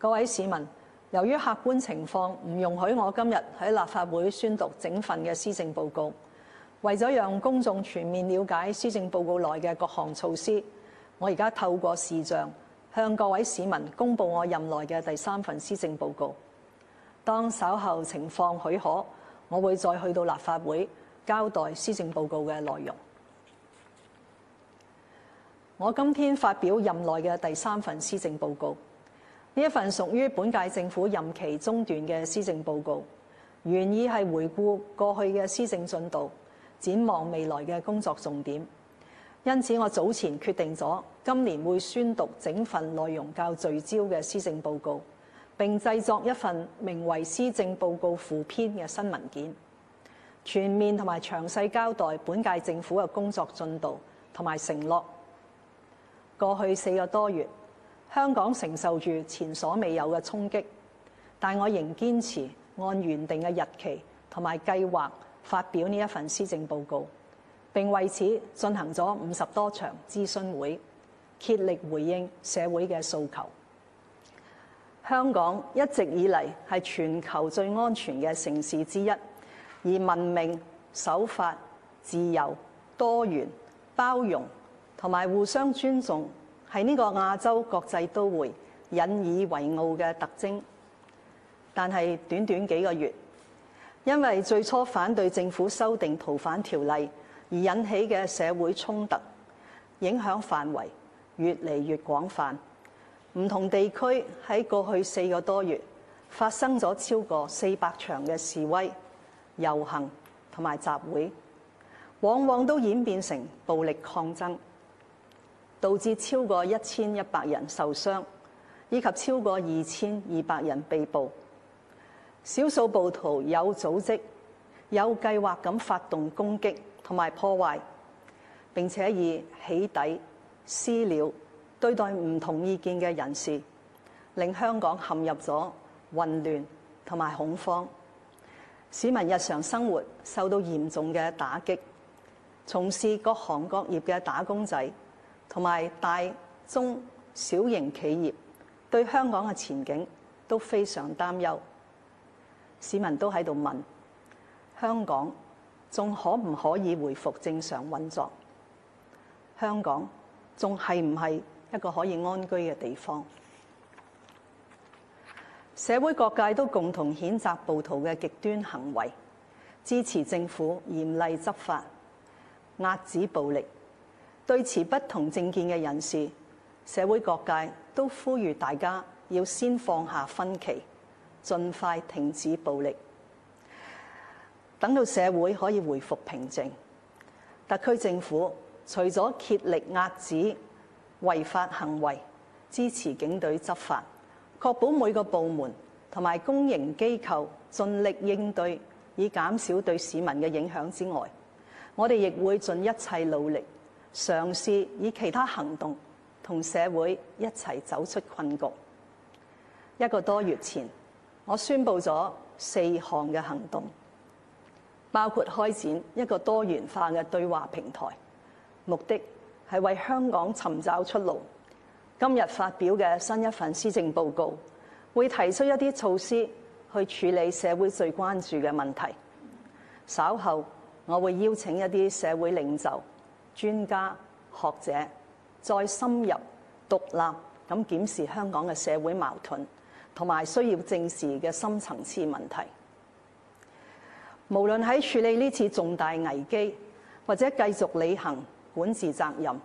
各位市民，由於客觀情況唔容許我今日喺立法會宣讀整份嘅施政報告，為咗讓公眾全面了解施政報告內嘅各項措施，我而家透過視像向各位市民公布我任內嘅第三份施政報告。當稍後情況許可，我會再去到立法會交代施政報告嘅內容。我今天發表任內嘅第三份施政報告。呢一份屬於本屆政府任期中段嘅施政報告，原意係回顧過去嘅施政進度，展望未來嘅工作重點。因此，我早前決定咗今年會宣讀整份內容較聚焦嘅施政報告，並製作一份名為《施政報告附篇》嘅新文件，全面同埋詳細交代本屆政府嘅工作進度同埋承諾。過去四個多月，香港承受住前所未有嘅衝擊，但我仍堅持按原定嘅日期同埋計劃發表呢一份施政報告，並為此進行咗五十多場諮詢會，竭力回應社會嘅訴求。香港一直以嚟係全球最安全嘅城市之一，而文明、守法、自由、多元、包容同埋互相尊重。係呢個亞洲國際都會引以為傲嘅特徵，但係短短幾個月，因為最初反對政府修訂逃犯條例而引起嘅社會衝突，影響範圍越嚟越廣泛。唔同地區喺過去四個多月發生咗超過四百場嘅示威、遊行同埋集會，往往都演變成暴力抗爭。導致超過一千一百人受傷，以及超過二千二百人被捕。少數暴徒有組織、有計劃咁發動攻擊同埋破壞，並且以起底、私了對待唔同意見嘅人士，令香港陷入咗混亂同埋恐慌，市民日常生活受到嚴重嘅打擊，從事各行各業嘅打工仔，同埋大中小型企業對香港嘅前景都非常擔憂，市民都喺度問香港仲可唔可以回復正常運作？香港仲係唔係一個可以安居嘅地方？社會各界都共同譴責暴徒嘅極端行為，支持政府嚴厲執法，遏止暴力。對持不同政見嘅人士、社會各界都呼籲大家要先放下分歧，盡快停止暴力，等到社會可以回復平靜。特區政府除咗竭力遏止違法行為、支持警隊執法、確保每個部門同埋公營機構盡力應對，以減少對市民嘅影響之外，我哋亦會盡一切努力。嘗試以其他行動同社會一齊走出困局。一個多月前，我宣布咗四項嘅行動，包括開展一個多元化嘅對話平台，目的係為香港尋找出路。今日發表嘅新一份施政報告，會提出一啲措施去處理社會最關注嘅問題。稍後，我會邀請一啲社會領袖。專家學者再深入獨立咁檢視香港嘅社會矛盾同埋需要正視嘅深層次問題，無論喺處理呢次重大危機或者繼續履行管治責任，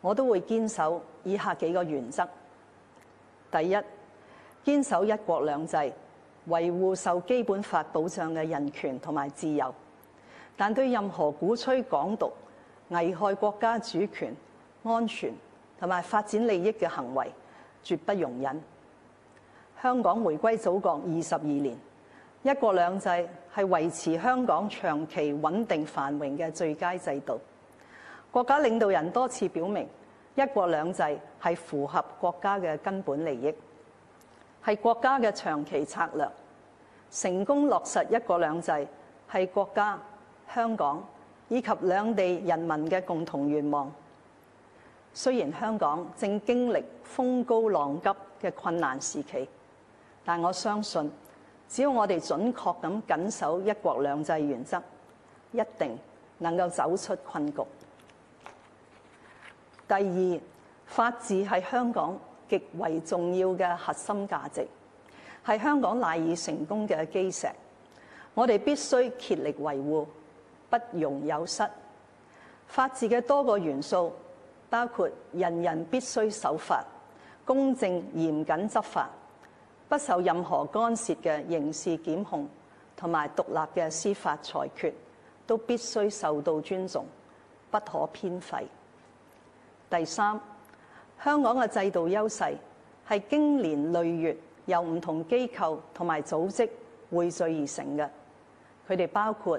我都會堅守以下幾個原則：第一，堅守一國兩制，維護受基本法保障嘅人權同埋自由，但對任何鼓吹港獨、危害國家主權、安全同埋發展利益嘅行為絕不容忍。香港回歸祖國二十二年，一國兩制係維持香港長期穩定繁榮嘅最佳制度。國家領導人多次表明，一國兩制係符合國家嘅根本利益，係國家嘅長期策略。成功落實一國兩制係國家、香港，以及兩地人民嘅共同願望。雖然香港正經歷風高浪急嘅困難時期，但我相信，只要我哋準確咁緊守一國兩制原則，一定能夠走出困局。第二，法治係香港極為重要嘅核心價值，係香港賴以成功嘅基石。我哋必須竭力維護。不容有失，法治嘅多個元素，包括人人必須守法、公正嚴謹執法、不受任何干涉嘅刑事檢控，同埋獨立嘅司法裁決，都必須受到尊重，不可偏廢。第三，香港嘅制度優勢係經年累月由唔同機構同埋組織匯聚而成嘅，佢哋包括。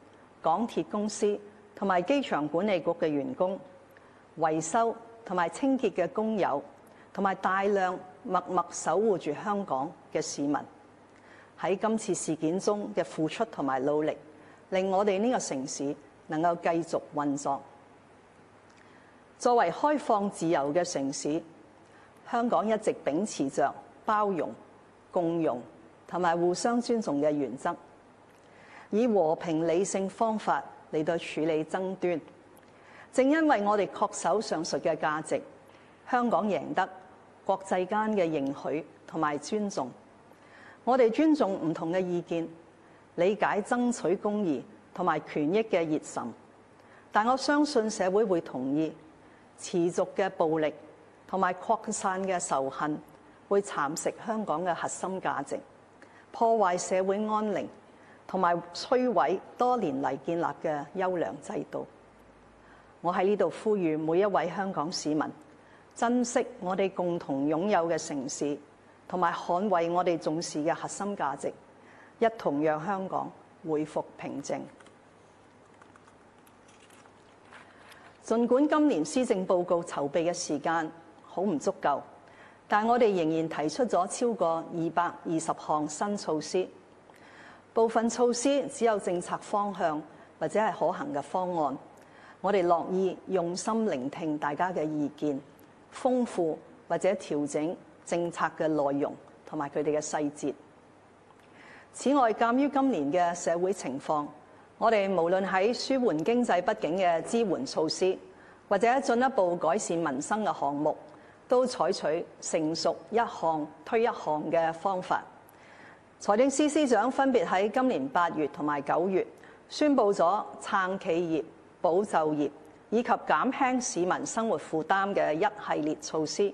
港鐵公司同埋機場管理局嘅員工、維修同埋清潔嘅工友，同埋大量默默守護住香港嘅市民，喺今次事件中嘅付出同埋努力，令我哋呢個城市能夠繼續運作。作為開放自由嘅城市，香港一直秉持着包容、共融同埋互相尊重嘅原則。以和平理性方法嚟到處理爭端，正因為我哋確守上述嘅價值，香港贏得國際間嘅認許同埋尊重。我哋尊重唔同嘅意見，理解爭取公義同埋權益嘅熱忱，但我相信社會會同意持續嘅暴力同埋擴散嘅仇恨會蠶食香港嘅核心價值，破壞社會安寧。同埋摧毀多年嚟建立嘅優良制度，我喺呢度呼籲每一位香港市民珍惜我哋共同擁有嘅城市，同埋捍衛我哋重視嘅核心價值，一同讓香港回復平靜。儘管今年施政報告籌備嘅時間好唔足夠，但我哋仍然提出咗超過二百二十項新措施。部分措施只有政策方向或者係可行嘅方案，我哋樂意用心聆聽大家嘅意見，豐富或者調整政策嘅內容同埋佢哋嘅細節。此外，鑒於今年嘅社會情況，我哋無論喺舒緩經濟不景嘅支援措施，或者進一步改善民生嘅項目，都採取成熟一項推一項嘅方法。財政司司長分別喺今年八月同埋九月，宣布咗撐企業、保就業以及減輕市民生活負擔嘅一系列措施，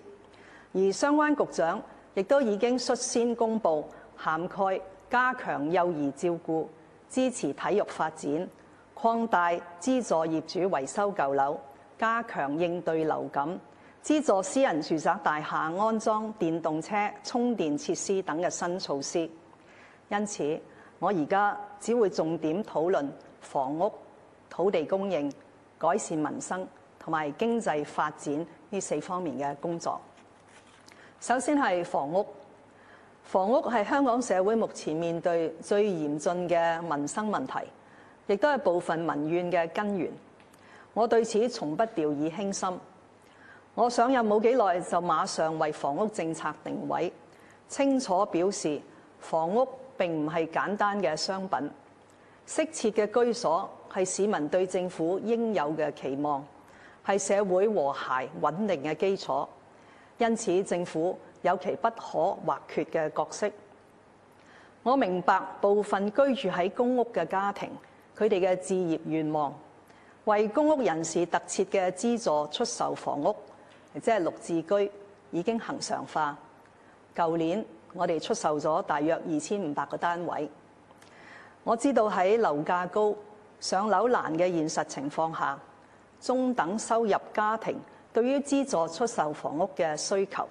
而相關局長亦都已經率先公布涵蓋加強幼兒照顧、支持體育發展、擴大資助業主維修舊樓、加強應對流感、資助私人住宅大廈安裝電動車、電動車充電設施等嘅新措施。因此，我而家只會重點討論房屋、土地供應、改善民生同埋經濟發展呢四方面嘅工作。首先係房屋，房屋係香港社會目前面對最嚴峻嘅民生問題，亦都係部分民怨嘅根源。我對此從不掉以輕心。我上任冇幾耐就馬上為房屋政策定位，清楚表示房屋。並唔係簡單嘅商品，適切嘅居所係市民對政府應有嘅期望，係社會和諧穩定嘅基礎。因此，政府有其不可或缺嘅角色。我明白部分居住喺公屋嘅家庭，佢哋嘅置業願望，為公屋人士特設嘅資助出售房屋，即係綠置居，已經恒常化。舊年，我哋出售咗大約二千五百個單位。我知道喺樓價高、上樓難嘅現實情況下，中等收入家庭對於資助出售房屋嘅需求。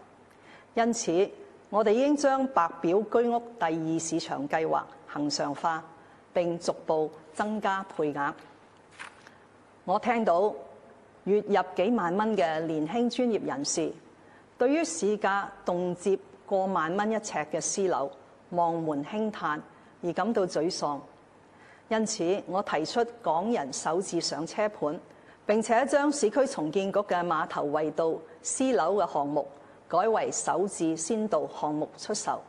因此，我哋應將白表居屋第二市場計劃恒常化，並逐步增加配額。我聽到月入幾萬蚊嘅年輕專業人士對於市價動輒。過萬蚊一尺嘅私樓望門興嘆而感到沮喪，因此我提出港人首置上車盤，並且將市區重建局嘅馬頭圍道私樓嘅項目改為首置先導項目出售。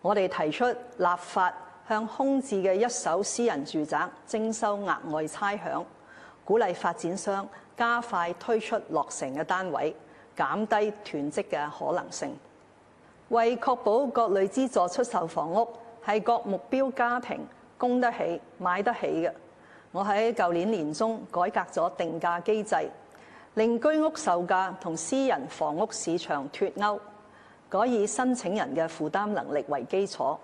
我哋提出立法向空置嘅一手私人住宅徵收額外差餉，鼓勵發展商加快推出落成嘅單位，減低囤積嘅可能性。為確保各類資助出售房屋係各目標家庭供得起、買得起嘅，我喺舊年年中改革咗定價機制，令居屋售價同私人房屋市場脫鈎，改以申請人嘅負擔能力為基礎，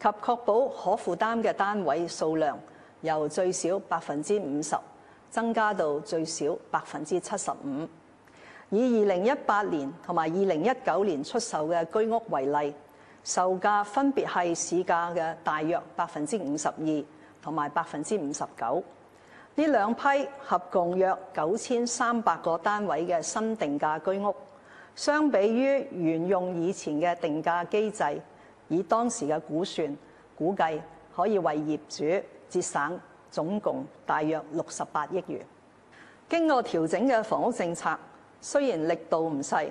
及確保可負擔嘅單位數量由最少百分之五十增加到最少百分之七十五。以二零一八年同埋二零一九年出售嘅居屋為例，售價分別係市價嘅大約百分之五十二同埋百分之五十九。呢兩批合共約九千三百個單位嘅新定價居屋，相比於沿用以前嘅定價機制，以當時嘅估算，估計可以為業主節省總共大約六十八億元。經過調整嘅房屋政策。雖然力度唔細，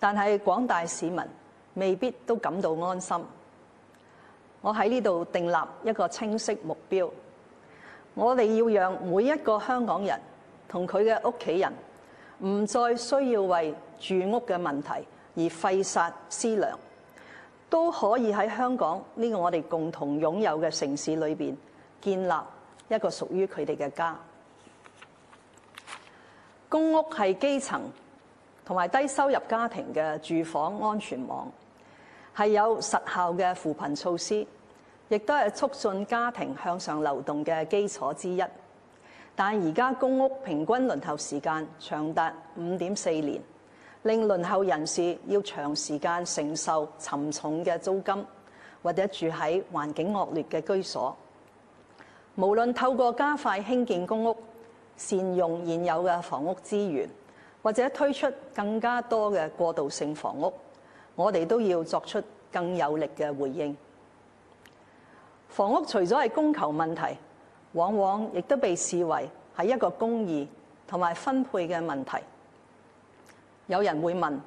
但係廣大市民未必都感到安心。我喺呢度訂立一個清晰目標，我哋要讓每一個香港人同佢嘅屋企人，唔再需要為住屋嘅問題而費煞思量，都可以喺香港呢個我哋共同擁有嘅城市裏面建立一個屬於佢哋嘅家。公屋係基層。同埋低收入家庭嘅住房安全網，係有實效嘅扶貧措施，亦都係促進家庭向上流動嘅基礎之一。但而家公屋平均輪候時間長達五點四年，令輪候人士要長時間承受沉重嘅租金，或者住喺環境惡劣嘅居所。無論透過加快興建公屋，善用現有嘅房屋資源，或者推出更加多嘅過渡性房屋，我哋都要作出更有力嘅回應。房屋除咗係供求問題，往往亦都被視為係一個公義同埋分配嘅問題。有人會問：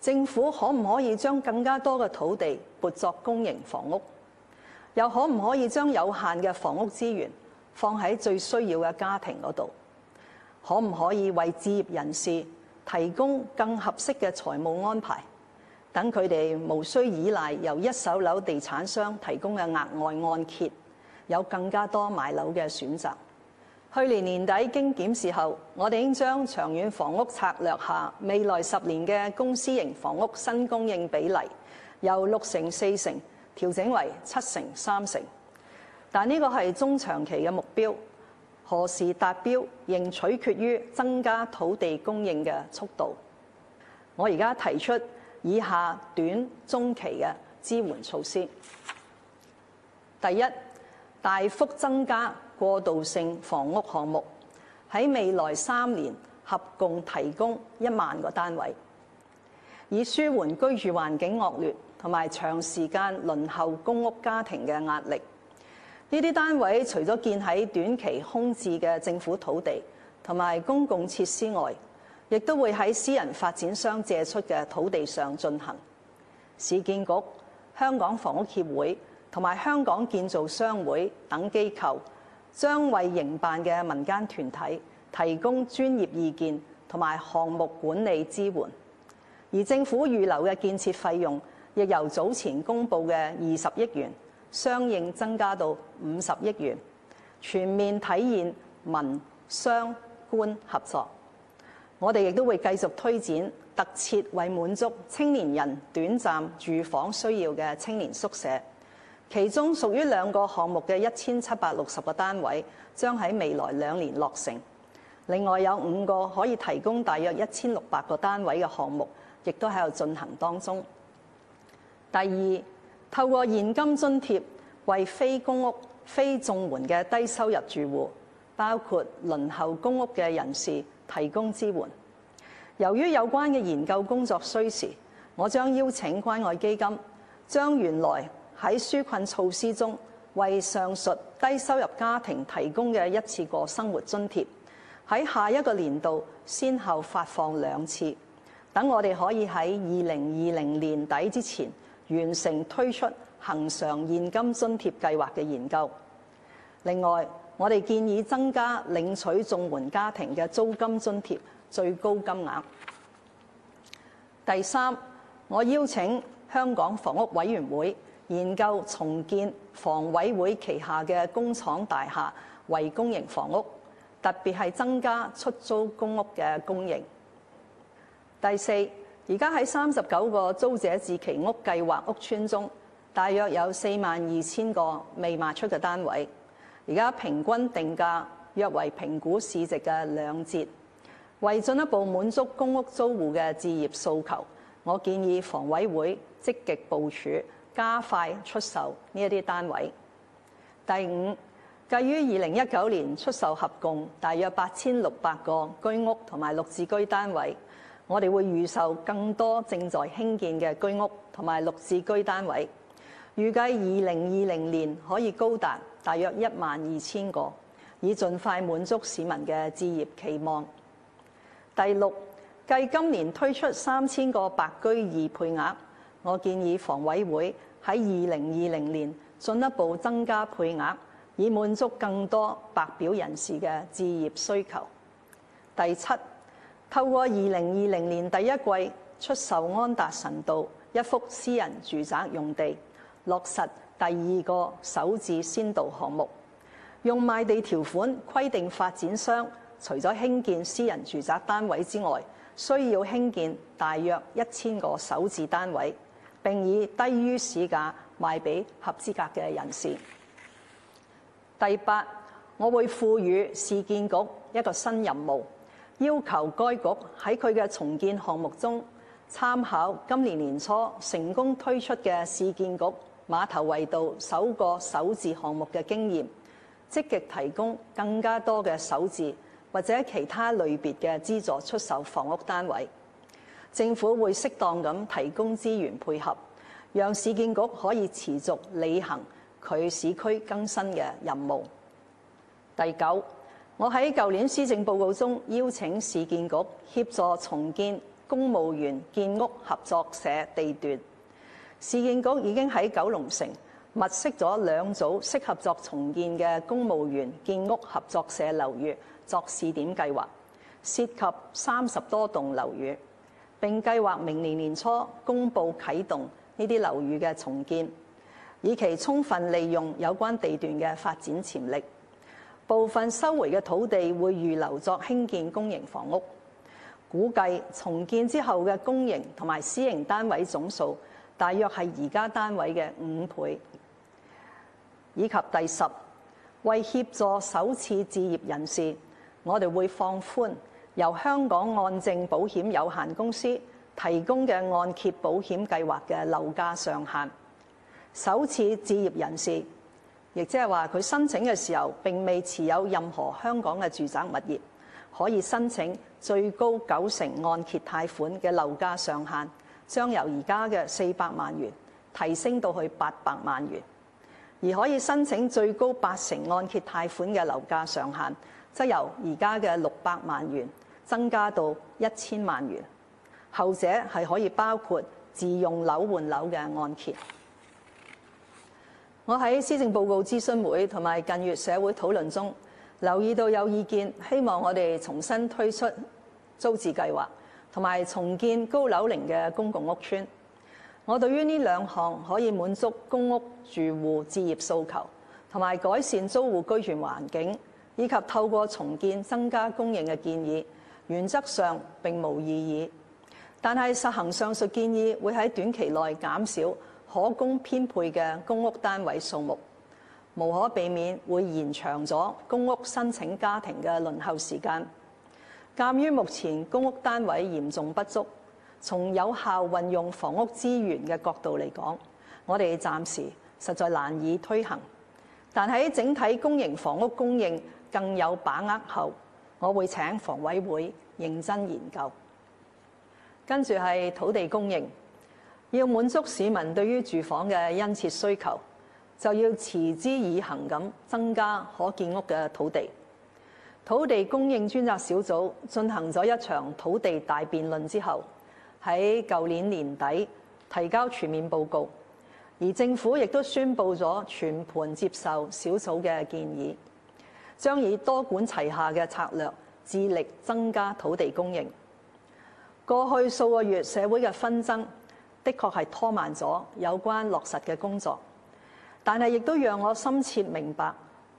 政府可唔可以將更加多嘅土地撥作公營房屋？又可唔可以將有限嘅房屋資源放喺最需要嘅家庭嗰度？可唔可以為置業人士提供更合適嘅財務安排，等佢哋無需依賴由一手樓地產商提供嘅額外按揭，有更加多買樓嘅選擇？去年年底經檢視後，我哋已經將長遠房屋策略下未來十年嘅公私營房屋新供應比例由六成四成調整為七成三成，但呢個係中長期嘅目標。何時達標，仍取決於增加土地供應嘅速度。我而家提出以下短中期嘅支援措施：第一，大幅增加過渡性房屋項目，喺未來三年合共提供一萬個單位，以舒緩居住環境惡劣同埋長時間輪候公屋家庭嘅壓力。呢啲單位除咗建喺短期空置嘅政府土地同埋公共設施外，亦都會喺私人發展商借出嘅土地上進行。市建局、香港房屋協會同埋香港建造商會等機構將為營辦嘅民間團體提供專業意見同埋項目管理支援，而政府預留嘅建設費用亦由早前公佈嘅二十億元，相應增加到五十億元，全面體現民商官合作。我哋亦都會繼續推展特設，為滿足青年人短暫住房需要嘅青年宿舍。其中屬於兩個項目嘅一千七百六十個單位，將喺未來兩年落成。另外有五個可以提供大約一千六百個單位嘅項目，亦都喺度進行當中。第二，透過現金津貼為非公屋、非綜援嘅低收入住戶，包括輪候公屋嘅人士提供支援。由於有關嘅研究工作需時，我將邀請關愛基金將原來喺紓困措施中為上述低收入家庭提供嘅一次過生活津貼，喺下一個年度先後發放兩次，等我哋可以喺二零二零年底之前。完成推出恆常現金津貼計劃嘅研究。另外，我哋建議增加領取綜援家庭嘅租金津貼最高金額。第三，我邀請香港房屋委員會研究重建房委會旗下嘅工廠大廈為公營房屋，特別係增加出租公屋嘅供應。第四。而家喺三十九個租者置其屋計劃屋邨中，大約有四萬二千個未賣出嘅單位。而家平均定價約為評估市值嘅兩折。為進一步滿足公屋租戶嘅置業訴求，我建議房委會積極部署，加快出售呢一啲單位。第五，繼於二零一九年出售合共大約八千六百個居屋同埋綠置居單位。我哋會預售更多正在興建嘅居屋同埋綠置居單位，預計二零二零年可以高達大約一萬二千個，以盡快滿足市民嘅置業期望。第六，繼今年推出三千個白居二配額，我建議房委會喺二零二零年進一步增加配額，以滿足更多白表人士嘅置業需求。第七，透過二零二零年第一季出售安達臣道一幅私人住宅用地，落實第二個首置先導項目，用賣地條款規定發展商除咗興建私人住宅單位之外，需要興建大約一千個首置單位，並以低於市價賣俾合資格嘅人士。第八，我會賦予市建局一個新任務。要求該局喺佢嘅重建項目中，參考今年年初成功推出嘅市建局馬頭圍道首個首置項目嘅經驗，積極提供更加多嘅首置或者其他類別嘅資助出售房屋單位。政府會適當咁提供資源配合，讓市建局可以持續履行佢市區更新嘅任務。第九。我喺舊年施政報告中邀請市建局協助重建公務員建屋合作社地段，市建局已經喺九龍城物色咗兩組適合作重建嘅公務員建屋合作社樓宇作試點計劃，涉及三十多棟樓宇，並計劃明年年初公布啟動呢啲樓宇嘅重建，以期充分利用有關地段嘅發展潛力。部分收回嘅土地會預留作興建公營房屋，估計重建之後嘅公營同埋私營單位總數大約係而家單位嘅五倍。以及第十，為協助首次置業人士，我哋會放寬由香港按證保險有限公司提供嘅按揭保險計劃嘅樓價上限，首次置業人士。亦即係話，佢申請嘅時候並未持有任何香港嘅住宅物業，可以申請最高九成按揭貸款嘅樓價上限，將由而家嘅四百萬元提升到去八百萬元；而可以申請最高八成按揭貸款嘅樓價上限，則由而家嘅六百萬元增加到一千萬元。後者係可以包括自用樓換樓嘅按揭。我喺施政報告諮詢會同埋近月社會討論中，留意到有意見希望我哋重新推出租置計劃，同埋重建高樓齡嘅公共屋邨。我對於呢兩項可以滿足公屋住戶置業訴求，同埋改善租戶居住環境，以及透過重建增加供應嘅建議，原則上並無異議。但係實行上述建議會喺短期內減少可供編配嘅公屋單位數目，無可避免會延長咗公屋申請家庭嘅輪候時間。鑑於目前公屋單位嚴重不足，從有效運用房屋資源嘅角度嚟講，我哋暫時實在難以推行。但喺整體公營房屋供應更有把握後，我會請房委會認真研究。跟住係土地供應。要滿足市民對於住房嘅殷切需求，就要持之以恆咁增加可建屋嘅土地。土地供應專責小組進行咗一場土地大辯論之後，喺舊年年底提交全面報告，而政府亦都宣布咗全盤接受小組嘅建議，將以多管齊下嘅策略致力增加土地供應。過去數個月社會嘅紛爭，的確係拖慢咗有關落實嘅工作，但係亦都讓我深切明白，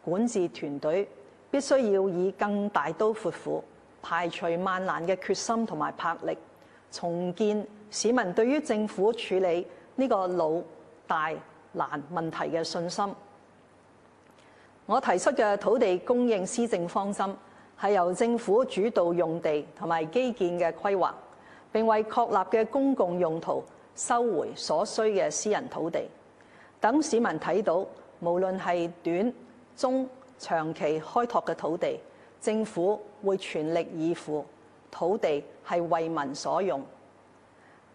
管治團隊必須要以更大刀闊斧、排除萬難嘅決心同埋魄力，重建市民對於政府處理呢個老大難問題嘅信心。我提出嘅土地供應施政方針，係由政府主導用地同埋基建嘅規劃，並為確立嘅公共用途，收回所需嘅私人土地，等市民睇到，無論係短、中、長期開拓嘅土地，政府會全力以赴。土地係為民所用。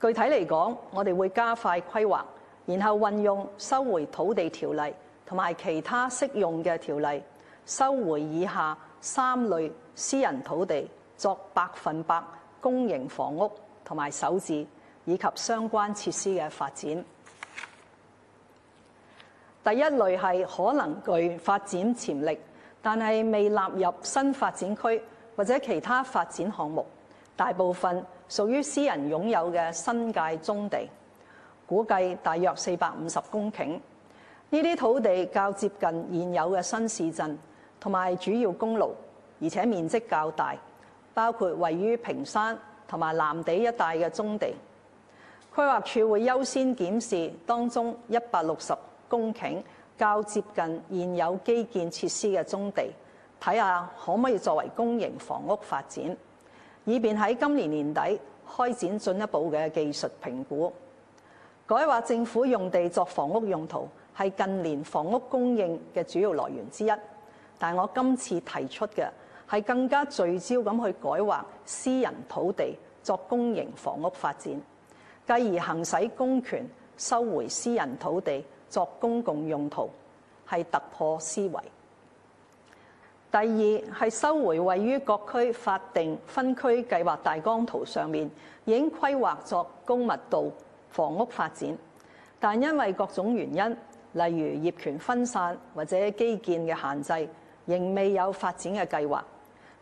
具體嚟講，我哋會加快規劃，然後運用收回土地條例同埋其他適用嘅條例，收回以下三類私人土地，作百分百公營房屋，同埋首置。以及相關設施嘅發展。第一類係可能具發展潛力，但係未納入新發展區或者其他發展項目，大部分屬於私人擁有嘅新界棕地，估計大約四百五十公頃。呢啲土地較接近現有嘅新市鎮同埋主要公路，而且面積較大，包括位於屏山同埋藍地一帶嘅棕地。規劃處會優先檢視當中一百六十公頃較接近現有基建設施嘅棕地，睇下可唔可以作為公營房屋發展，以便喺今年年底開展進一步嘅技術評估。改劃政府用地作房屋用途係近年房屋供應嘅主要來源之一，但我今次提出嘅係更加聚焦咁去改劃私人土地作公營房屋發展。繼而行使公權收回私人土地作公共用途，係突破思維。第二係收回位於各區法定分區計劃大綱圖上面已經規劃作高密度房屋發展，但因為各種原因，例如業權分散或者基建嘅限制，仍未有發展嘅計劃，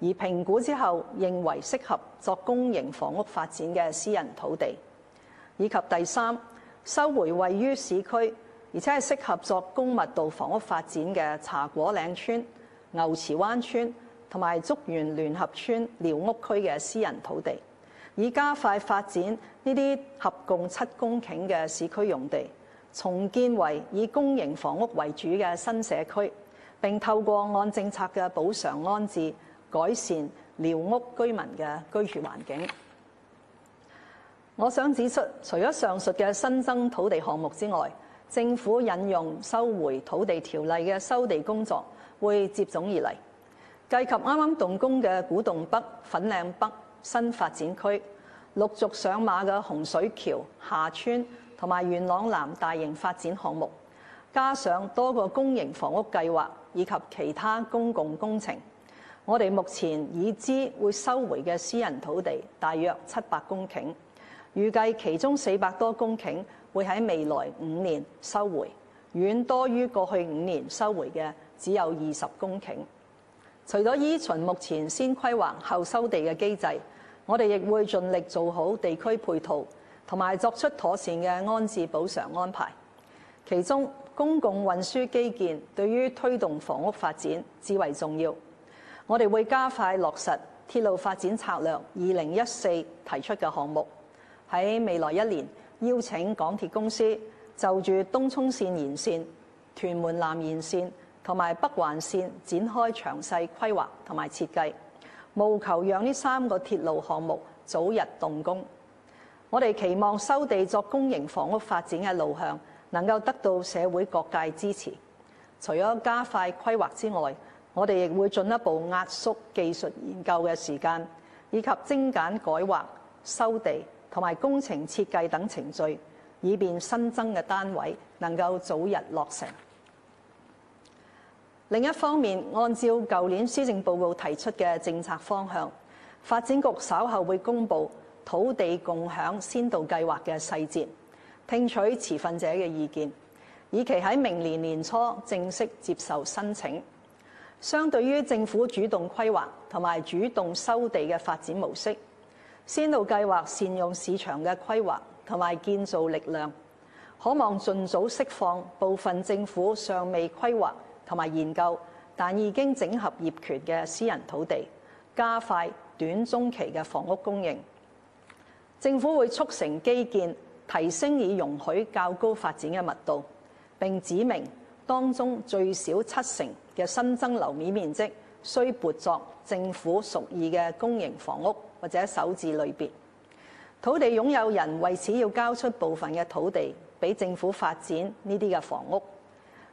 而評估之後認為適合作公營房屋發展嘅私人土地。以及第三，收回位於市區，而且係適合作公密度房屋發展嘅茶果嶺村、牛池灣村同埋竹園聯合村寮，寮屋區嘅私人土地，以加快發展呢啲合共七公頃嘅市區用地，重建為以公營房屋為主嘅新社區，並透過按政策嘅補償安置，改善寮屋居民嘅居住環境。我想指出，除咗上述嘅新增土地項目之外，政府引用收回土地條例嘅收地工作會接踵而嚟，計及啱啱動工嘅古洞北、粉嶺北新發展區，陸續上馬嘅洪水橋、下村同埋元朗南大型發展項目，加上多個公營房屋計劃以及其他公共工程，我哋目前已知會收回嘅私人土地大約七百公頃。預計其中四百多公頃會喺未來五年收回，遠多於過去五年收回嘅只有二十公頃。除咗依循目前先規劃後收地嘅機制，我哋亦會盡力做好地區配套，同埋作出妥善嘅安置補償安排。其中公共運輸基建對於推動房屋發展至為重要，我哋會加快落實鐵路發展策略二零一四提出嘅項目。喺未來一年，邀請港鐵公司就住東涌線延線、屯門南延線同埋北環線展開詳細規劃同埋設計，務求讓呢三個鐵路項目早日動工。我哋期望收地作公營房屋發展嘅路向能夠得到社會各界支持。除咗加快規劃之外，我哋亦會進一步壓縮技術研究嘅時間，以及精簡改劃收地，同埋工程設計等程序，以便新增嘅單位能夠早日落成。另一方面，按照舊年施政報告提出嘅政策方向，發展局稍後會公布土地共享先導計劃嘅細節，聽取持份者嘅意見，以期喺明年年初正式接受申請。相對於政府主動規劃同埋主動收地嘅發展模式，先導計劃善用市場嘅規劃同埋建造力量，可望盡早釋放部分政府尚未規劃同埋研究，但已經整合業權嘅私人土地，加快短中期嘅房屋供應。政府會促成基建提升，以容許較高發展嘅密度，並指明當中最少七成嘅新增樓面面積，需撥作政府屬意嘅公營房屋。或者首置類別，土地擁有人為此要交出部分嘅土地俾政府發展呢啲嘅房屋，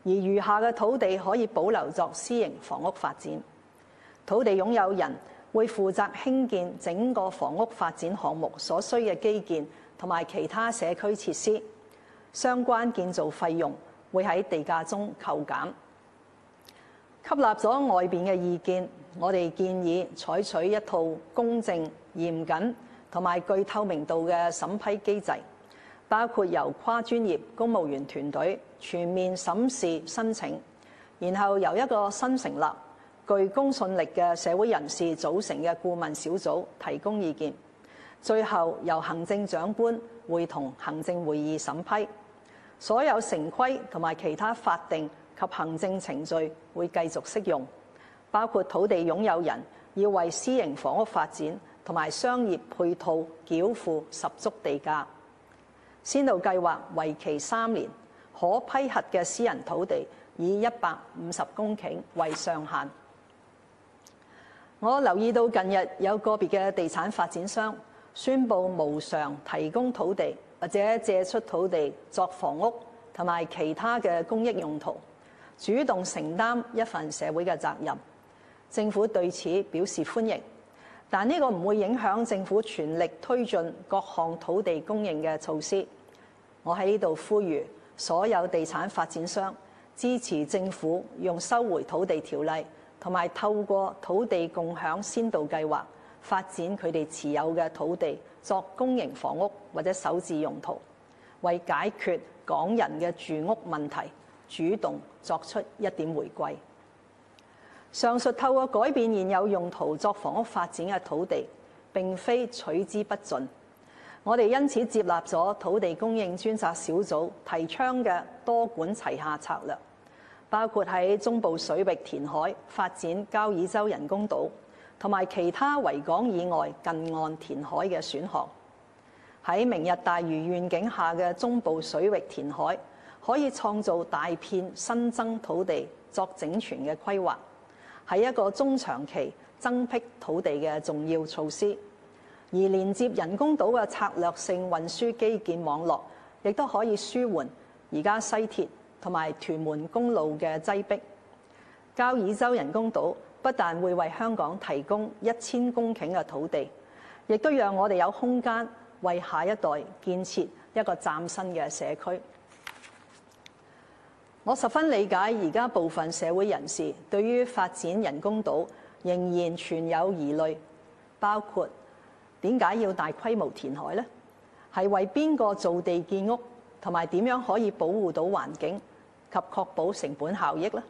而餘下嘅土地可以保留作私營房屋發展。土地擁有人會負責興建整個房屋發展項目所需嘅基建同埋其他社區設施，相關建造費用會喺地價中扣減。吸納咗外邊嘅意見。我哋建議採取一套公正、嚴謹同埋具透明度嘅審批機制，包括由跨專業公務員團隊全面審視申請，然後由一個新成立、具公信力嘅社會人士組成嘅顧問小組提供意見，最後由行政長官會同行政會議審批。所有城規同埋其他法定及行政程序會繼續適用。包括土地擁有人要為私營房屋發展同埋商業配套繳付十足地價，先導計劃為期三年，可批核嘅私人土地以一百五十公頃為上限。我留意到近日有個別嘅地產發展商宣布無償提供土地或者借出土地作房屋同埋其他嘅公益用途，主動承擔一份社會嘅責任。政府對此表示歡迎，但呢個唔會影響政府全力推進各項土地供應嘅措施。我喺呢度呼籲所有地產發展商支持政府用收回土地條例，同埋透過土地共享先導計劃發展佢哋持有嘅土地作公營房屋或者首置用途，為解決港人嘅住屋問題，主動作出一點回饋。上述透過改變現有用途作房屋發展嘅土地，並非取之不盡。我哋因此接納咗土地供應專責小組提倡嘅多管齊下策略，包括喺中部水域填海發展交椅洲人工島，同埋其他維港以外近岸填海嘅選項。喺明日大嶼願景下嘅中部水域填海，可以創造大片新增土地作整全嘅規劃。係一個中長期增辟土地嘅重要措施，而連接人工島嘅策略性運輸基建網絡，亦都可以舒緩而家西鐵同埋屯門公路嘅擠迫。交椅洲人工島不但會為香港提供一千公頃嘅土地，亦都讓我哋有空間為下一代建設一個嶄新嘅社區。我十分理解而家部分社會人士對於發展人工島仍然存有疑慮，包括點解要大規模填海呢？係為邊個造地建屋？同埋點樣可以保護到環境及確保成本效益呢？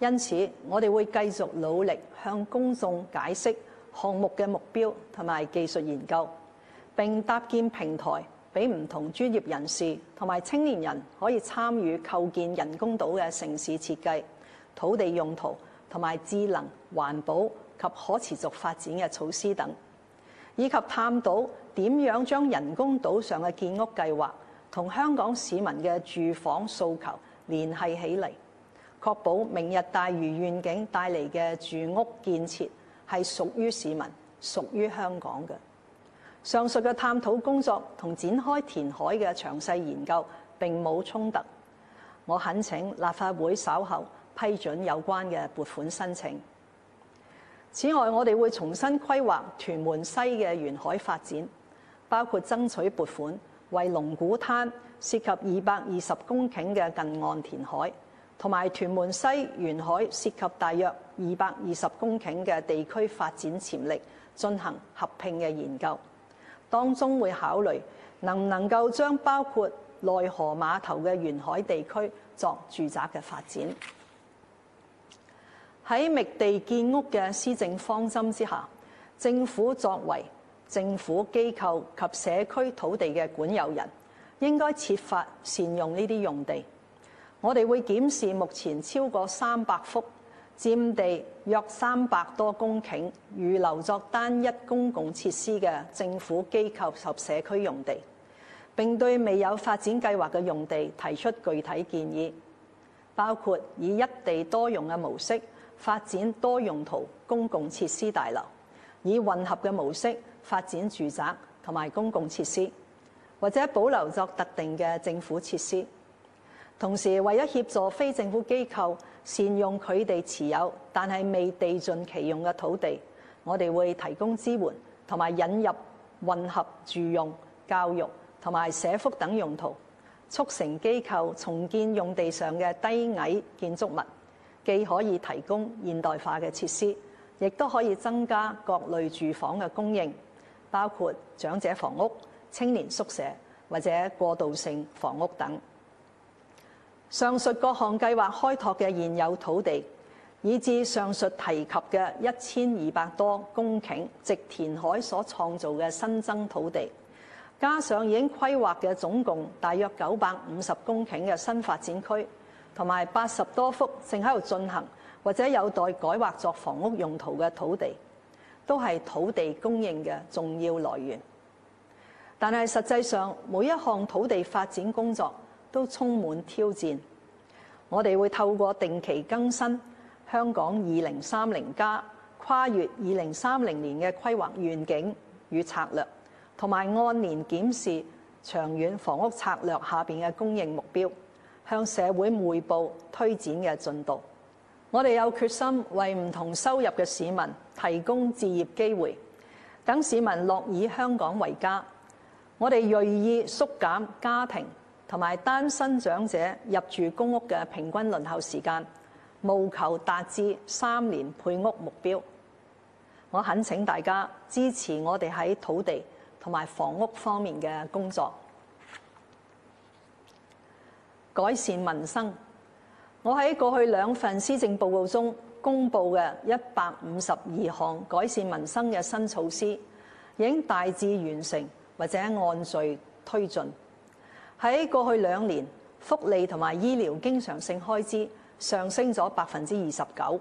因此，我哋會繼續努力向公眾解釋項目嘅目標同埋技術研究，並搭建平台。俾唔同專業人士同埋青年人可以參與構建人工島嘅城市設計、土地用途同埋智能、環保及可持續發展嘅措施等，以及探討點樣將人工島上嘅建屋計劃同香港市民嘅住房訴求聯繫起嚟，確保明日大嶼願景帶嚟嘅住屋建設係屬於市民、屬於香港嘅。上述嘅探討工作同展開填海嘅詳細研究並冇衝突。我懇請立法會稍後批准有關嘅撥款申請。此外，我哋會重新規劃屯門西嘅沿海發展，包括爭取撥款，為龍鼓灘涉及二百二十公頃嘅近岸填海，同埋屯門西沿海涉及大約二百二十公頃嘅地區發展潛力，進行合併嘅研究。當中會考慮能唔能夠將包括內河碼頭嘅沿海地區作住宅嘅發展。喺覓地建屋嘅施政方針之下，政府作為政府機構及社區土地嘅管有人，應該設法善用呢啲用地。我哋會檢視目前超過三百幅。佔地約三百多公頃，預留作單一公共設施嘅政府機構及社區用地，並對未有發展計劃嘅用地提出具體建議，包括以一地多用嘅模式發展多用途公共設施大樓，以混合嘅模式發展住宅同埋公共設施，或者保留作特定嘅政府設施。同時，為咗協助非政府機構。善用佢哋持有但係未地盡其用嘅土地，我哋會提供支援同埋引入混合住用、教育同埋社福等用途，促成機構重建用地上嘅低矮建築物，既可以提供現代化嘅設施，亦都可以增加各類住房嘅供應，包括長者房屋、青年宿舍或者過渡性房屋等。上述各項計劃開拓嘅現有土地，以至上述提及嘅一千二百多公頃直填海所創造嘅新增土地，加上已經規劃嘅總共大約九百五十公頃嘅新發展區，同埋八十多幅正喺度進行或者有待改劃作房屋用途嘅土地，都係土地供應嘅重要來源。但係實際上每一項土地發展工作，都充滿挑戰。我哋會透過定期更新香港二零三零加跨越二零三零年嘅規劃願景與策略，同埋按年檢視長遠房屋策略下邊嘅供應目標，向社會彙報推展嘅進度。我哋有決心為唔同收入嘅市民提供置業機會，等市民樂以香港為家。我哋鋭意縮減家庭同埋單身長者入住公屋嘅平均輪候時間，務求達至三年配屋目標。我懇請大家支持我哋喺土地同埋房屋方面嘅工作，改善民生。我喺過去兩份施政報告中公布嘅一百五十二項改善民生嘅新措施，已經大致完成或者按序推進。喺過去兩年，福利同埋醫療經常性開支上升咗百分之二十九，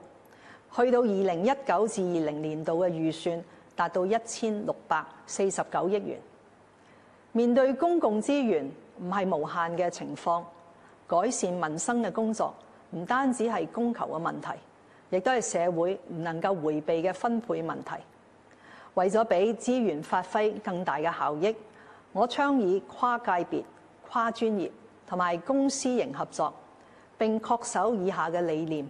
去到二零一九至二零年度嘅預算達到一千六百四十九億元。面對公共資源唔係無限嘅情況，改善民生嘅工作唔單止係供求嘅問題，亦都係社會唔能夠迴避嘅分配問題。為咗俾資源發揮更大嘅效益，我倡議跨界別、跨專業同埋公私營合作，並恪守以下嘅理念，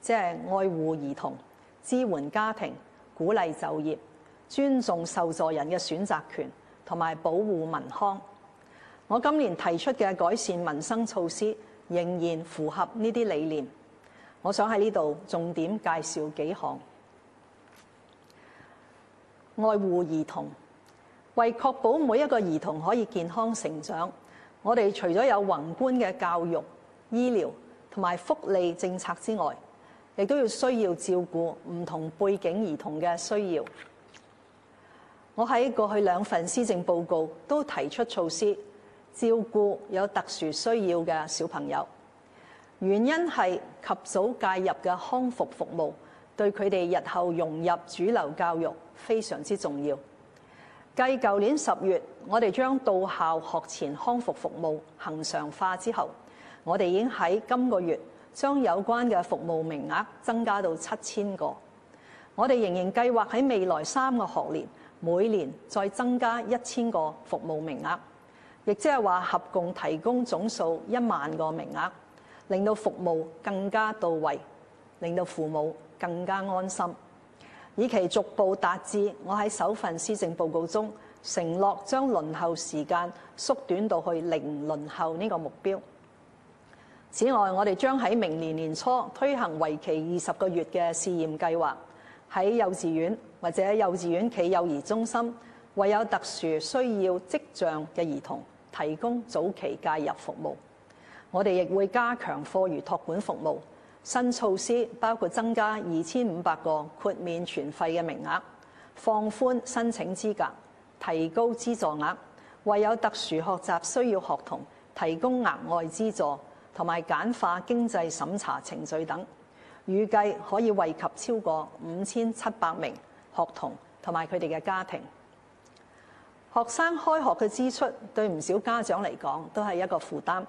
即係愛護兒童、支援家庭、鼓勵就業、尊重受助人嘅選擇權同埋保護民康。我今年提出嘅改善民生措施仍然符合呢啲理念。我想喺呢度重點介紹幾項。愛護兒童，為確保每一個兒童可以健康成長。我哋除咗有宏觀嘅教育、醫療同埋福利政策之外，亦都要需要照顧唔同背景兒童嘅需要。我喺過去兩份施政報告都提出措施照顧有特殊需要嘅小朋友，原因係及早介入嘅康復服務對佢哋日後融入主流教育非常之重要。繼舊年十月，我哋將到校學前康復服務恒常化之後，我哋已經喺今個月將有關嘅服務名額增加到七千個。我哋仍然計劃喺未來三個學年，每年再增加一千個服務名額，亦即係話合共提供總數一萬個名額，令到服務更加到位，令到父母更加安心。以期逐步達至我喺首份施政報告中承諾將輪候時間縮短到去零輪候呢個目標。此外，我哋將喺明年年初推行為期二十個月嘅試驗計劃，喺幼稚園或者幼稚園暨幼兒中心，為有特殊需要跡象嘅兒童提供早期介入服務。我哋亦會加強課餘托管服務。新措施包括增加二千五百個豁免全費嘅名額，放寬申請資格，提高資助額，為有特殊學習需要學童提供額外資助，同埋簡化經濟審查程序等，預計可以惠及超過五千七百名學童同埋佢哋嘅家庭。學生開學嘅支出對唔少家長嚟講都係一個負擔。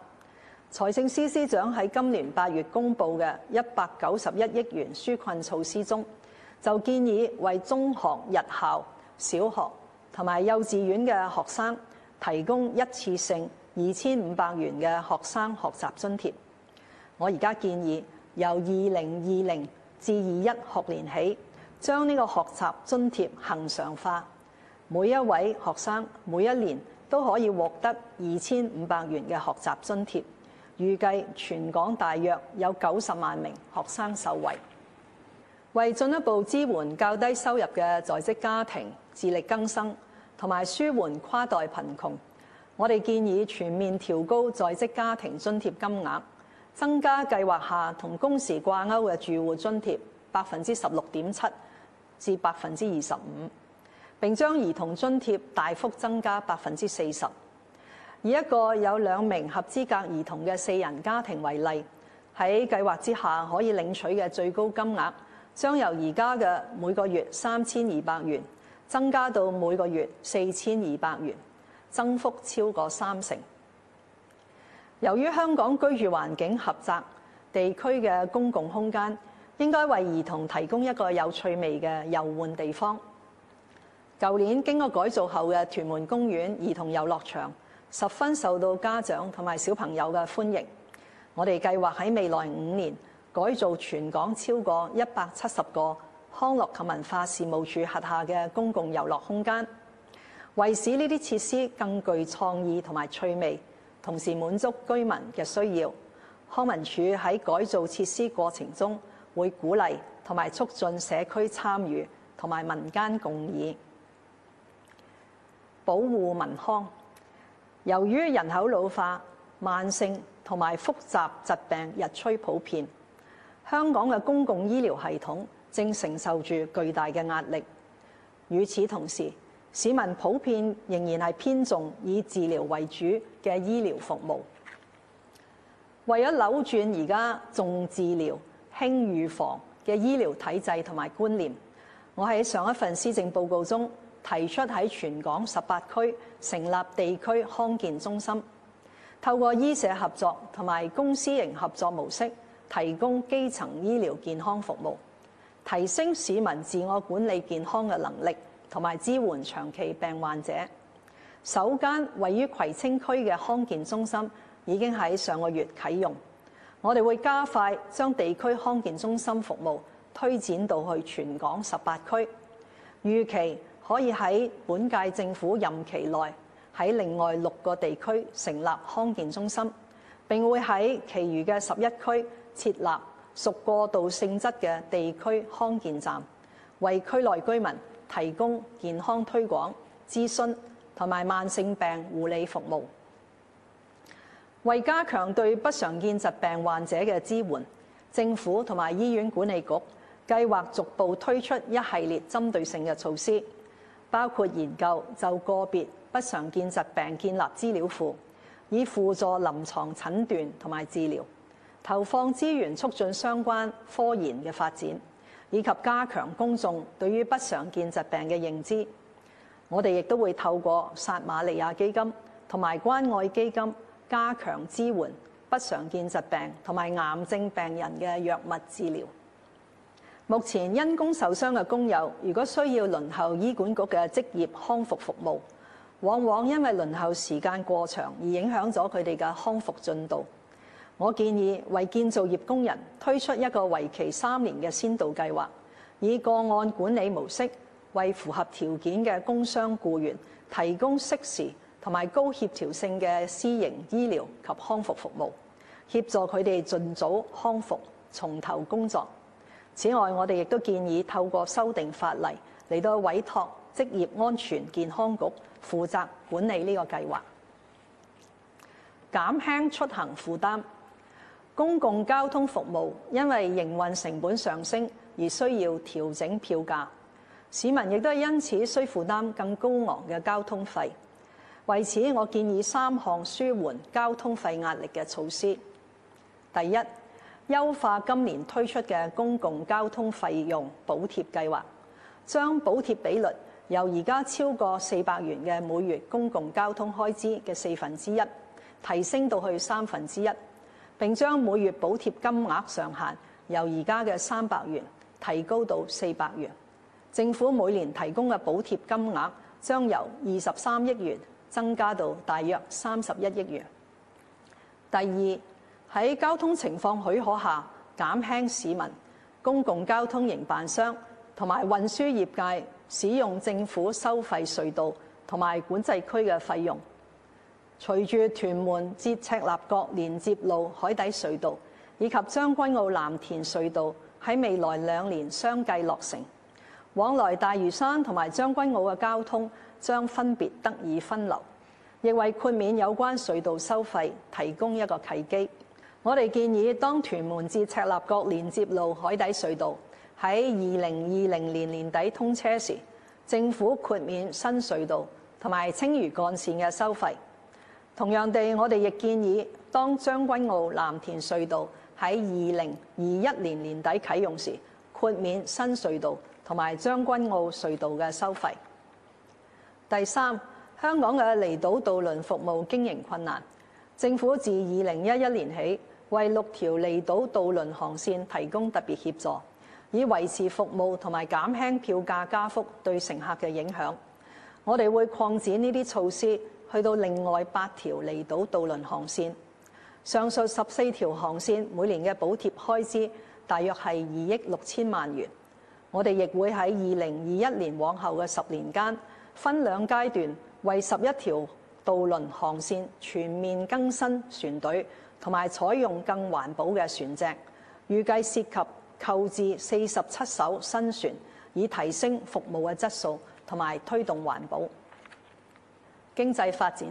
財政司司長喺今年八月公布嘅一百九十一億元紓困措施中，就建議為中學、日校、小學同埋幼稚園嘅學生提供一次性二千五百元嘅學生學習津貼。我而家建議由二零二零至二一學年起，將呢個學習津貼恒常化，每一位學生每一年都可以獲得二千五百元嘅學習津貼。預計全港大約有九十萬名學生受惠。為進一步支援較低收入嘅在職家庭自力更生，同埋舒緩跨代貧窮，我哋建議全面調高在職家庭津貼金額，增加計劃下同工時掛鈎嘅住戶津貼百分之十六點七至百分之二十五，並將兒童津貼大幅增加百分之四十。以一個有兩名合資格兒童嘅四人家庭為例，喺計劃之下可以領取嘅最高金額將由而家嘅每個月三千二百元增加到每個月四千二百元，增幅超過三成。由於香港居住環境狹窄，地區嘅公共空間應該為兒童提供一個有趣味嘅遊玩地方。舊年經過改造後嘅屯門公園兒童遊樂場，十分受到家長同埋小朋友嘅歡迎。我哋計劃喺未來五年改造全港超過一百七十個康樂及文化事務署轄下嘅公共遊樂空間，為使呢啲設施更具創意同埋趣味，同時滿足居民嘅需要，康文署喺改造設施過程中會鼓勵同埋促進社區參與同埋民間共議，保護民康。由於人口老化、慢性同埋複雜疾病日趨普遍，香港嘅公共醫療系統正承受住巨大嘅壓力。與此同時，市民普遍仍然係偏重以治療為主嘅醫療服務。為咗扭轉而家重治療、輕預防嘅醫療體制同埋觀念，我喺上一份施政報告中，提出喺全港十八區成立地區康健中心，透過醫社合作同埋公私營合作模式，提供基層醫療健康服務，提升市民自我管理健康嘅能力，同埋支援長期病患者。首間位於葵青區嘅康健中心已經喺上個月啟用，我哋會加快將地區康健中心服務推展到去全港十八區，預期，可以喺本屆政府任期內喺另外六個地區成立康健中心，並會喺其餘嘅十一區設立屬過渡性質嘅地區康健站，為區內居民提供健康推廣、諮詢同埋慢性病護理服務。為加強對不常見疾病患者嘅支援，政府同埋醫院管理局計劃逐步推出一系列針對性嘅措施。包括研究就個別不常見疾病建立資料庫，以輔助臨床診斷同埋治療；投放資源促進相關科研嘅發展，以及加強公眾對於不常見疾病嘅認知。我哋亦都會透過撒瑪利亞基金同埋關愛基金加強支援不常見疾病同埋癌症病人嘅藥物治療。目前因工受傷嘅工友，如果需要輪候醫管局嘅職業康復服務，往往因為輪候時間過長而影響咗佢哋嘅康復進度。我建議為建造業工人推出一個為期三年嘅先導計劃，以個案管理模式，為符合條件嘅工傷僱員提供適時同埋高協調性嘅私營醫療及康復服務，協助佢哋盡早康復，從頭工作。此外，我哋亦都建議透過修訂法例嚟到委託職業安全健康局負責管理呢個計劃，減輕出行負擔。公共交通服務因為營運成本上升而需要調整票價，市民亦都係因此需負擔更高昂嘅交通費。為此，我建議三項舒緩交通費壓力嘅措施。第一。優化今年推出嘅公共交通費用補貼計劃，將補貼比率由而家超過四百元嘅每月公共交通開支嘅四分之一提升到去三分之一，並將每月補貼金額上限由而家嘅三百元提高到四百元。政府每年提供嘅補貼金額將由二十三億元增加到大約三十一億元。第二。喺交通情況許可下，減輕市民、公共交通營辦商同埋運輸業界使用政府收費隧道同埋管制區嘅費用。隨住屯門至赤鱲角連接路海底隧道以及將軍澳藍田隧道喺未來兩年相繼落成，往來大嶼山同埋將軍澳嘅交通將分別得以分流，亦為豁免有關隧道收費提供一個契機。我哋建議，當屯門至赤鱲角連接路海底隧道喺二零二零年年底通車時，政府豁免新隧道同埋青嶼幹線嘅收費。同樣地，我哋亦建議，當將軍澳藍田隧道喺二零二一年年底啟用時，豁免新隧道同埋將軍澳隧道嘅收費。第三，香港嘅離島渡輪服務經營困難，政府自二零一一年起，為六條離島渡輪航線提供特別協助，以維持服務同埋減輕票價加幅對乘客嘅影響。我哋會擴展呢啲措施去到另外八條離島渡輪航線。上述十四條航線每年嘅補貼開支大約係二億六千萬元。我哋亦會喺二零二一年往後嘅十年間，分兩階段為十一條渡輪航線全面更新船隊。同埋採用更環保嘅船隻，預計涉及購置四十七艘新船，以提升服務嘅質素同埋推動環保經濟發展。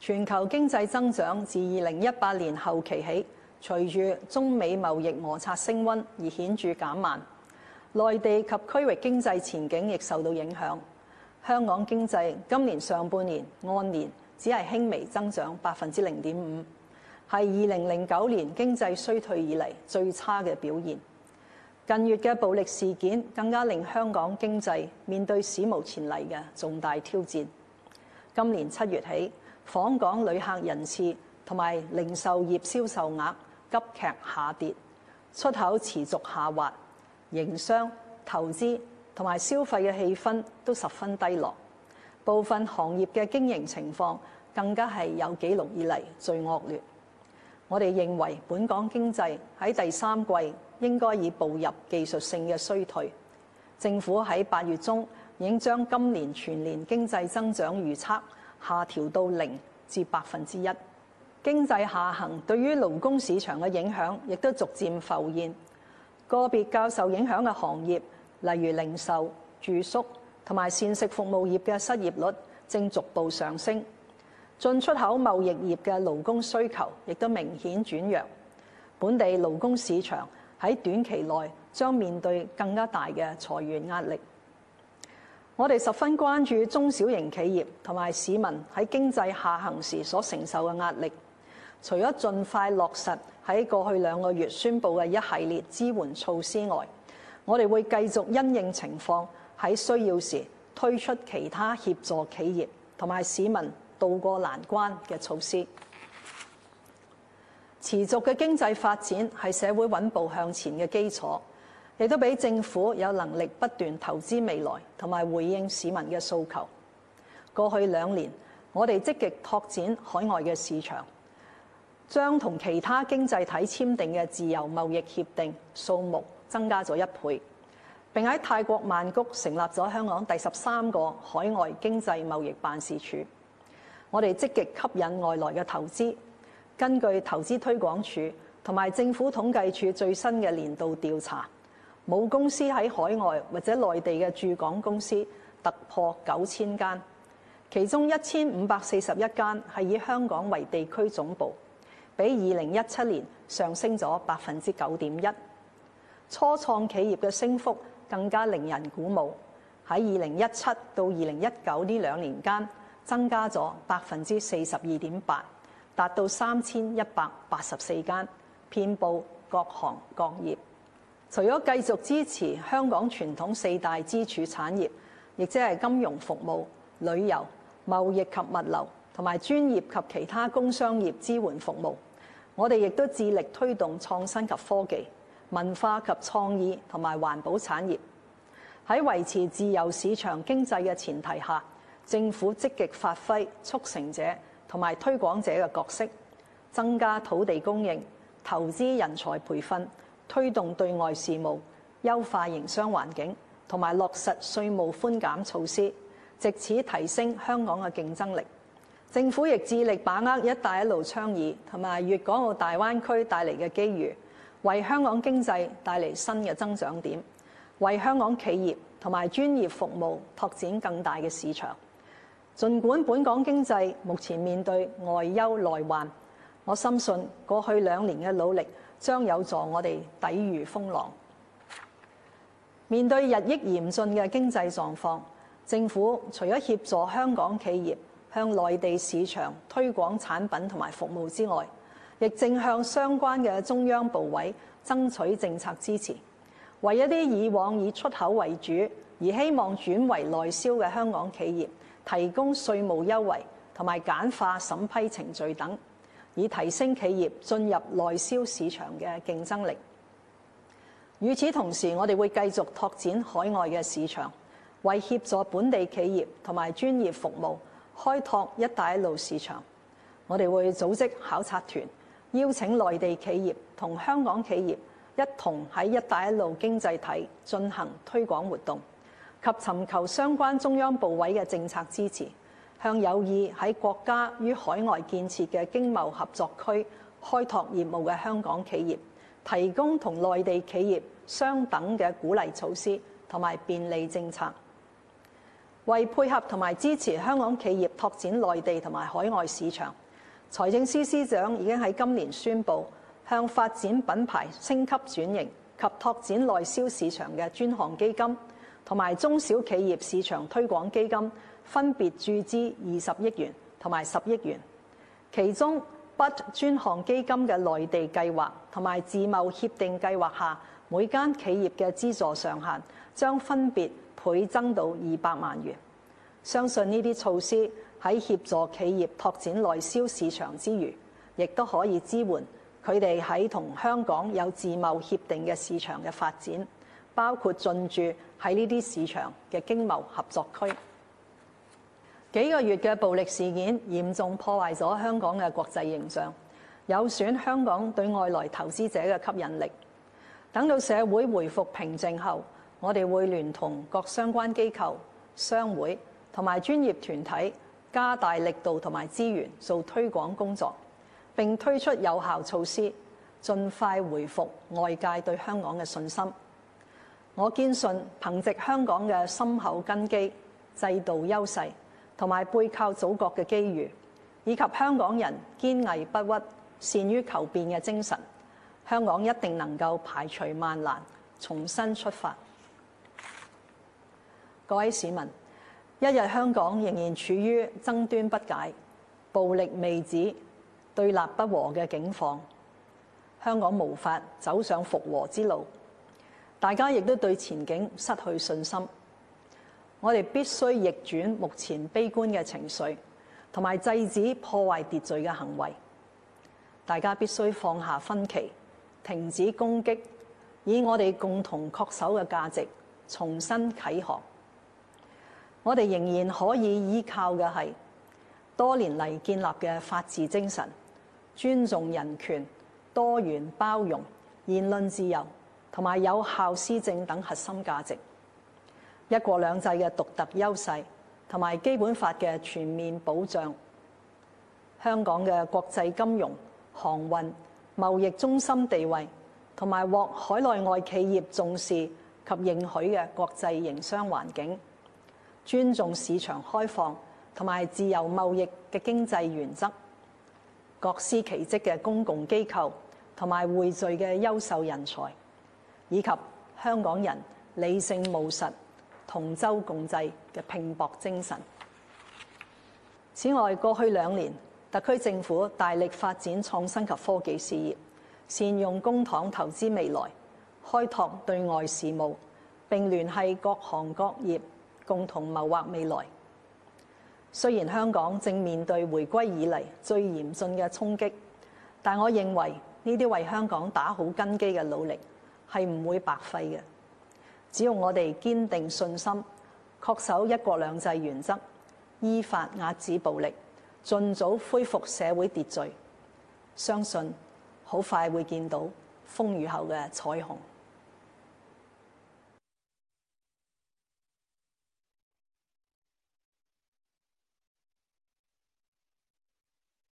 全球經濟增長自二零一八年後期起，隨住中美貿易摩擦升温而顯著減慢，內地及區域經濟前景亦受到影響。香港經濟今年上半年按年只係輕微增長百分之零點五。係二零零九年經濟衰退以嚟最差嘅表現。近月嘅暴力事件更加令香港經濟面對史無前例嘅重大挑戰。今年七月起，訪港旅客人次同埋零售業銷售額急劇下跌，出口持續下滑，營商投資同埋消費嘅氣氛都十分低落，部分行業嘅經營情況更加係有記錄以嚟最惡劣。我哋認為本港經濟喺第三季應該已步入技術性嘅衰退。政府喺八月中已經將今年全年經濟增長預測下調到零至百分之一。經濟下行對於勞工市場嘅影響亦都逐漸浮現。個別較受影響嘅行業，例如零售、住宿同埋膳食服務業嘅失業率正逐步上升。進出口貿易業嘅勞工需求亦都明顯轉弱，本地勞工市場喺短期內將面對更加大嘅裁員壓力。我哋十分關注中小型企業同埋市民喺經濟下行時所承受嘅壓力。除咗盡快落實喺過去兩個月宣布嘅一系列支援措施外，我哋會繼續因應情況喺需要時推出其他協助企業同埋市民渡過難關嘅措施，持續嘅經濟發展係社會穩步向前嘅基礎，亦都俾政府有能力不斷投資未來，同埋回應市民嘅訴求。過去兩年，我哋積極拓展海外嘅市場，將同其他經濟體簽訂嘅自由貿易協定數目增加咗一倍，並喺泰國曼谷成立咗香港第十三個海外經濟貿易辦事處。我哋積極吸引外來嘅投資。根據投資推廣署同埋政府統計處最新嘅年度調查，母公司喺海外或者內地嘅駐港公司突破九千間，其中一千五百四十一間係以香港為地區總部，比二零一七年上升咗百分之九點一。初創企業嘅升幅更加令人鼓舞。喺二零一七到二零一九呢兩年間，增加咗百分之四十二點八，達到三千一百八十四間，遍佈各行各業。除咗繼續支持香港傳統四大支柱產業，亦即係金融服務、旅遊、貿易及物流，同埋專業及其他工商業支援服務，我哋亦都致力推動創新及科技、文化及創意同埋環保產業。喺維持自由市場經濟嘅前提下。政府積極發揮促成者同埋推廣者嘅角色，增加土地供應、投資人才培訓、推動對外事務、優化營商環境同埋落實稅務寬減措施，藉此提升香港嘅競爭力。政府亦致力把握「一帶一路」倡議同埋粵港澳大灣區帶嚟嘅機遇，為香港經濟帶嚟新嘅增長點，為香港企業同埋專業服務拓展更大嘅市場。儘管本港經濟目前面對外憂內患，我深信過去兩年嘅努力將有助我哋抵禦風浪。面對日益嚴峻嘅經濟狀況，政府除咗協助香港企業向內地市場推廣產品同埋服務之外，亦正向相關嘅中央部委爭取政策支持，為一啲以往以出口為主而希望轉為內銷嘅香港企業。提供稅務優惠同埋簡化審批程序等，以提升企業進入內銷市場嘅競爭力。與此同時，我哋會繼續拓展海外嘅市場，為協助本地企業同埋專業服務開拓一帶一路市場。我哋會組織考察團，邀請內地企業同香港企業一同喺一帶一路經濟體進行推廣活動。及尋求相關中央部委嘅政策支持，向有意喺國家與海外建設嘅經貿合作區開拓業務嘅香港企業提供同內地企業相等嘅鼓勵措施同埋便利政策。為配合同埋支持香港企業拓展內地同埋海外市場，財政司司長已經喺今年宣布向發展品牌升級轉型及拓展內銷市場嘅專項基金。同埋中小企業市場推廣基金分別注資二十億元同埋十億元，其中 BUD 專項基金嘅內地計劃同埋自貿協定計劃下，每間企業嘅資助上限將分別倍增到二百萬元。相信呢啲措施喺協助企業拓展內銷市場之餘，亦都可以支援佢哋喺同香港有自貿協定嘅市場嘅發展。包括進駐喺呢啲市場嘅經貿合作區。幾個月嘅暴力事件嚴重破壞咗香港嘅國際形象，有損香港對外來投資者嘅吸引力。等到社會回復平靜後，我哋會聯同各相關機構、商會同埋專業團體加大力度同埋資源做推廣工作，並推出有效措施，盡快回復外界對香港嘅信心。我堅信，憑借香港嘅深厚根基、制度優勢同埋背靠祖國嘅機遇，以及香港人堅毅不屈、善於求變嘅精神，香港一定能夠排除萬難，重新出發。各位市民，一日香港仍然處於爭端不解、暴力未止、對立不和嘅境況，香港無法走上復和之路。大家亦都對前景失去信心，我哋必須逆轉目前悲觀嘅情緒，同埋制止破壞秩序嘅行為。大家必須放下分歧，停止攻擊，以我哋共同恪守嘅價值重新啟航。我哋仍然可以依靠嘅係多年嚟建立嘅法治精神、尊重人權、多元包容、言論自由、同埋有效施政等核心價值，一國兩制嘅獨特優勢，同埋基本法嘅全面保障，香港嘅國際金融、航運、貿易中心地位，同埋獲海內外企業重視及認許嘅國際營商環境，尊重市場開放同埋自由貿易嘅經濟原則，各司其職嘅公共機構，同埋匯聚嘅優秀人才。以及香港人理性務實、同舟共濟嘅拼搏精神。此外，過去兩年特區政府大力發展創新及科技事業，善用公帑投資未來，開拓對外事務，並聯繫各行各業共同謀劃未來。雖然香港正面對回歸以嚟最嚴峻嘅衝擊，但我認為呢啲為香港打好根基嘅努力。係唔會白費嘅。只要我哋堅定信心，確守一國兩制原則，依法壓止暴力，盡早恢復社會秩序，相信好快會見到風雨後嘅彩虹。